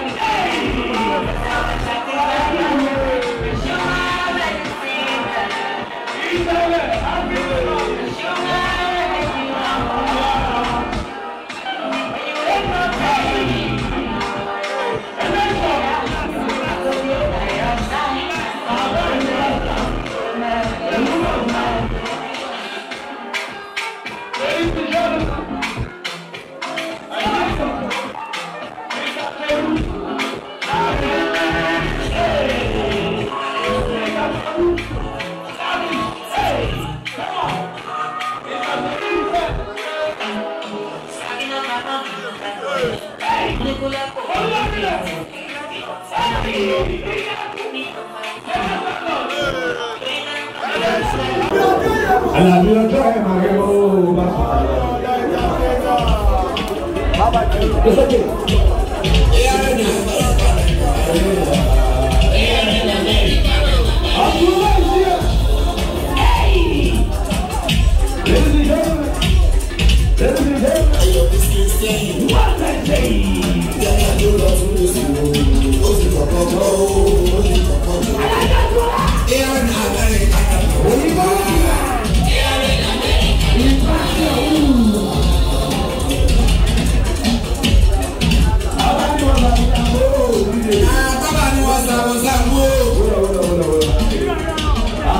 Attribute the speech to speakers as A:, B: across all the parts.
A: Thank you. Thank i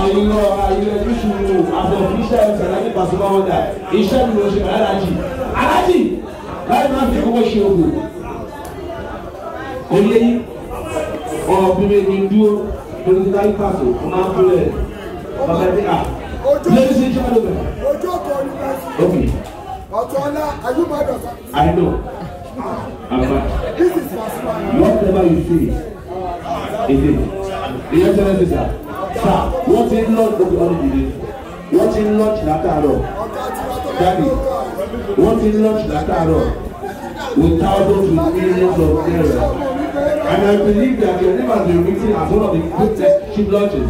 A: àìlọ àìlọ ìṣòro àbọ̀ iṣẹ́ ẹ̀sẹ̀ láti pàṣẹ wọn dà iṣẹ́ mi ló ṣe bàá alájì alájì láì má fi kókó ṣe ògùn kò lé ọ̀bìnrin mi dúró lórí ti láyé pàṣẹ kó máa ń kúrẹ̀ bàbá ẹ̀dí à lórí sí iṣẹ́ lóbẹ̀. ojú ọkọ olùkọ́sí ọ̀tọ̀ ọlá ayúbọ̀dọ̀. I know. Abba. This is Pasuma. Whatever you say, it is. Ìyẹn tẹ́lẹ̀ ti sà sà wọ́n ti ń lọ́ọ̀dù ọ̀dìdì wọ́n ti ń lọ́ọ̀dù látàárọ̀ dábì wọ́n ti ń lọ́ọ̀dù látàárọ̀ with thousands with millions of naira and I believe that your name has been written as one of the greatest cheap lodges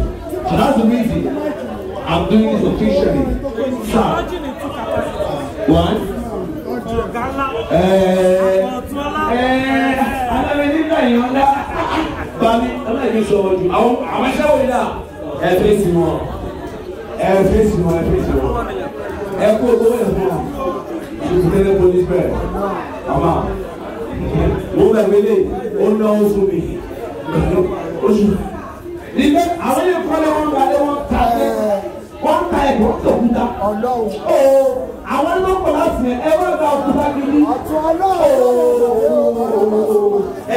A: so that's the reason
B: I'm doing this officially
A: sir one. Ẹ̀ẹ́d Alábẹ́ni náà yàn dá. Bami, ọlọ́ọ̀ni sọ̀rọ̀ jù, àwọn àwọn ẹ̀ṣẹ́ wò ni dà? ẹ fèsì wọn ẹ fèsì wọn ẹ fèsì wọn ẹ kó owó yẹn fún wọn ìfúnlẹ̀ police bẹ̀rẹ̀ àmà mo bẹ̀ wílé ó ná oṣù mi oṣù nígbà àwọn yẹn kọ́ lé wọn gba lé wọn ta lé wọn ta ẹ̀ wọ́n tó kúta àwọn nọ́mbà láti yẹn ẹ wọ́n gba òkúta kiri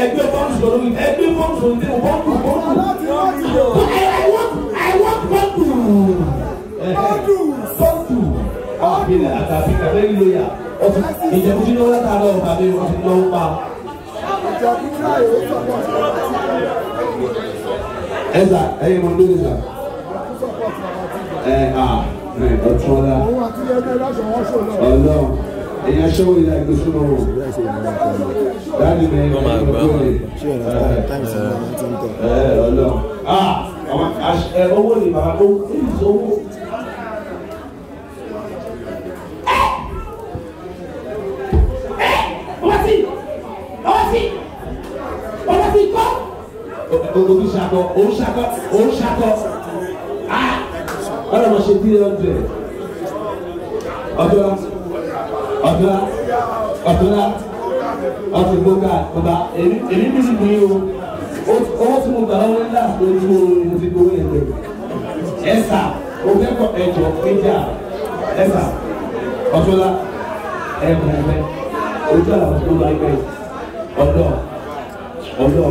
A: ẹgbẹ́ fọ́ọ̀mù sọ̀rọ̀ ẹgbẹ́ fọ́ọ̀mù sọ̀rọ̀ ní wọ́n kú. àgbélé àtàfi kàbẹ́rì lóyà ìjẹ̀bú tí lọ́wọ́ ta lọ́wọ́ tàbí wọ́n ti lọ́wọ́ pa. ẹ sà ẹyin mọ lóde sà ẹ à ọtún ọlá Ọlọ́run èyàn ṣọwọ ìlà ìlú súnmọ́ wọn dáàbì mi ọmọ àgbà wọn ẹ Ọlọ́run owó ni bàbá owó èyí sọ owó. ṣakọ òun ṣakọ òun ṣakọ ah ọ̀rọ̀ mo ṣe three hundred ọ̀dọ́lá ọ̀dọ́lá ọ̀dọ́lá ọ̀tún gbọ́ngà bàbá èmi bí sì bìí o owó tí mo gbà ọ́ ń là lórí mo mo fi gbowó yẹn lẹ́yìn ẹ̀sà o fẹ́ kọ ẹ̀jọ̀ méjà ẹ̀sà ọ̀dọ́lá ẹ̀ẹ̀mẹ̀ẹ̀mẹ̀ ojú àlàfo tó bá yẹ ọ̀dọ́ ọ̀dọ́.